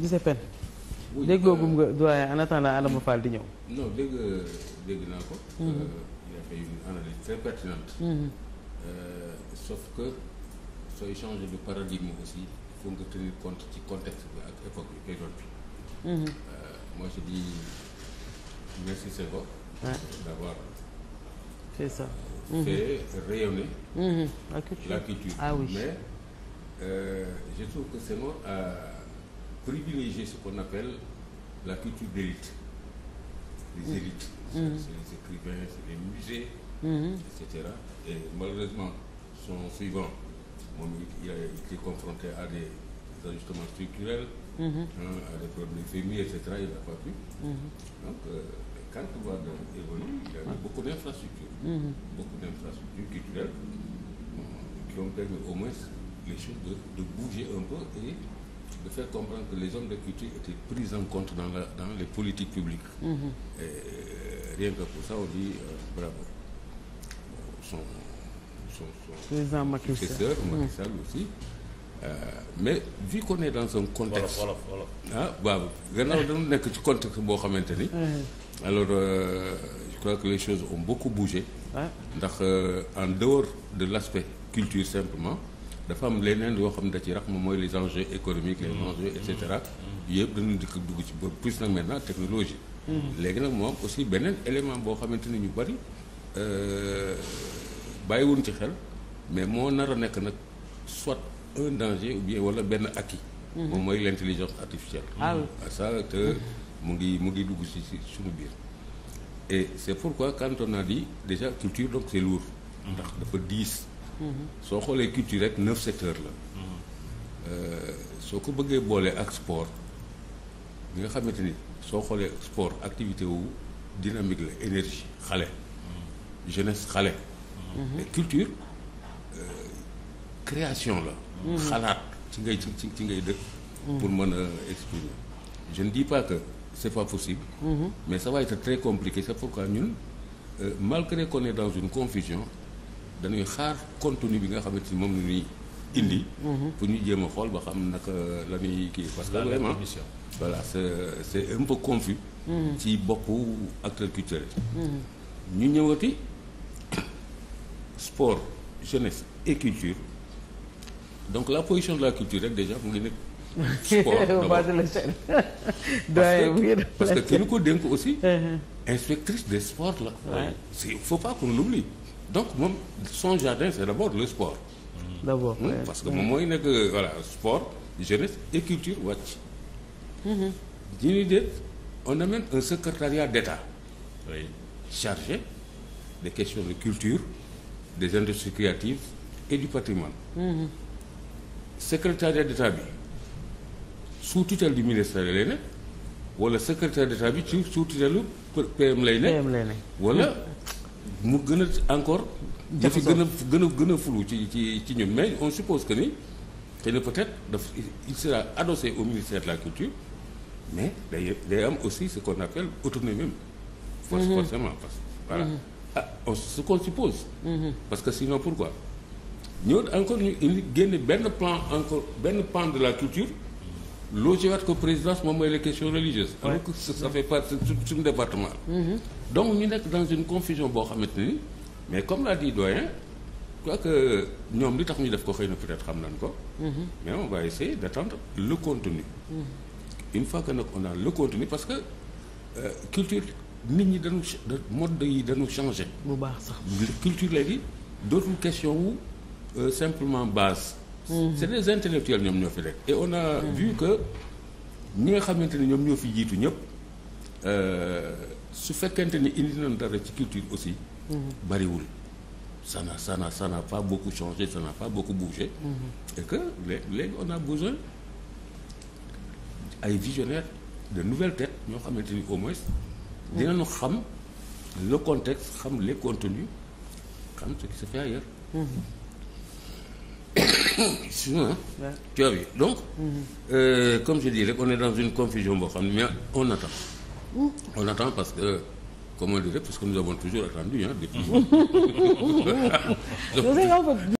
gisee pen déggoogum nga doyen en attendant Adama Fall di ñëw. non dégg dégg naa ko. Mhm. Euh, il a fait une analyse très pertinente. Mhm. Euh, sauf que sooy changer de paradigme aussi il faut nga tenir compte ci contexte bi ak époque bi période bi. Mhm. Euh, moi je dis merci Senghor. Ouais. d'avoir. c'est ça. Euh, fait mmh. rayonner. Mmh. la culture la culture. ah je trouve que Senghor a. privilégier ce qu'on appelle la culture d'élite. Les mm. élites. Mm. C'est les écrivains, c'est les musées, mm-hmm. etc. Et malheureusement, son suivant, moom il a été confronté à des ajustements structurels. Mm-hmm. à des problèmes de famille, etc. il n'a pas pu. Mm-hmm. donc euh, quand Wade évolue, il y a eu beaucoup d'infrastructures. beaucoup d'infrastructures culturelles qui ont permis au moins les choses de, bouger un peu de faire comprendre que les hommes de culture étaient pris en compte dans, la, dans les politiques publiques. Mm -hmm. Et euh, rien que pour ça, on dit euh, bravo. Son, son, son successeur, Macky mhm. Sall aussi. Euh, mais vu qu'on est dans un contexte. wolof wolof ah waaw gannaaw dañu nekk ci contexte boo xamante ni. alors euh, je crois que les choses ont beaucoup bougé. ndax euh, en dehors de l'aspect culture simplement. dafa am leneen yoo xam ne da ci rax moom mooy les enjeux économiques les mm-hmm. enjeux et cetera mm-hmm. yëpp dañu dikk dugg ci ba plus nag maintenant technologie mm-hmm. léegi nag moom aussi beneen élément boo xamante ni ñu bari euh, bàyyiwuñ ci xel mais moo nar a nekk nag soit un danger ou bien wala benn acquis moom mooy l' intelligence a sa ah te mu ngi mu ngi dugg ci suñu biir et c' est pourquoi quand on a dit déjà culture donc c' est ndax dafa diis soo xoolee culture rek neuf secteurs la. Euh, soo ko bëggee boole ak sport bi nga xamante ni soo xoolee sport activité wu dynamique la énergie xale. jeunesse xale. mais mhm. culture euh, création la. Mhm. xalaat ci ngay ci ci ngay dëkk. Mhm. pour mën a exprimer. jeune ne dis pas que c'est pas possible. mais ça va très compliqué c'est pourquoi ñun euh, malgré qu'on est dans une confusion. dañuy xaar contenu bi nga xamante ni moom la ñuy indi. Mhm. pour ñu jéem a xool ba xam naka la ñuy kii parce que vraiment voilà c' est est un peu mhm. ci boppu acteur culturel. Mhm. ñu ñëwati sport jeunesse et culture donc la position de la culture rek déjà mu ngi nekk. sport d'abord parce que ki ñu ko dénk aussi. inspectrice des sport la. il faut pas qu'on donc moom son jardin c'est d'abord le sport. d'abord hmm? oui, parce que moom mooy nekk voilà sport jeunesse et culture wàcc. ñu mhm. ni déet un secrétariat d'État. chargé des questions de culture des industries créatives et du patrimoine. Mmh. d'État bi sous tutelle du ministère lay nekk wala secrétaire d'État bi ci sous tutelle PM lay nekk. lay nekk wala. Hmm. mu gën a encore. dafa gën a gën a gën a flou ci ci ci ñun mais on suppose que ni xëy na peut-être daf il sera adossé au ministère de la culture mais day day am aussi ce qu'on appelle autonomie. Mm-hmm. forcément parce que voilà. Mm-hmm. ah on ce mm-hmm. parce que sinon pourquoi. ñëw encore ñu génne benn pan encore benn plan de la culture. loo ci waat ko présidence moom mooy les questions religieuses alors que ça fait partie suñu département mm-hmm. donc ñu nekk dans une confusion boo xamante ni mais comme l'a dit doyen quoi que ñoom li tax ñu def ko xëy na peut-être xam nañ ko mm-hmm. mais on va essayer d'attendre le contenu mm-hmm. une que nag on a le contenu parce que euh, culture nit ñi dañu mode yi dañu changé bu baax sax culture léegi dootul question wu euh, simplement baas c'est mhm. les intellectuels ñoom ñoo fi rek et on a mhm. vu que ñi nga xamante ni ñoom ñoo fi jiitu ñëpp euh, su fekkente ni indi nañ dara ci culture aussi mhm. bariwul ça n'a ça n'a ça n'a pas beaucoup changé ça pas beaucoup bougé et que léegi on a besoin ay visionnaires de nouvelles têtes ñoo xamante ni au moins dinañu xam le contexte xam les contenus xam ce qui se fait excuse-moi tu as vu donc euh, comme je on est dans une confusion boo xam ne mais on attend on attend parce que comme on dirait parce que nous avons toujours attendu hein depuis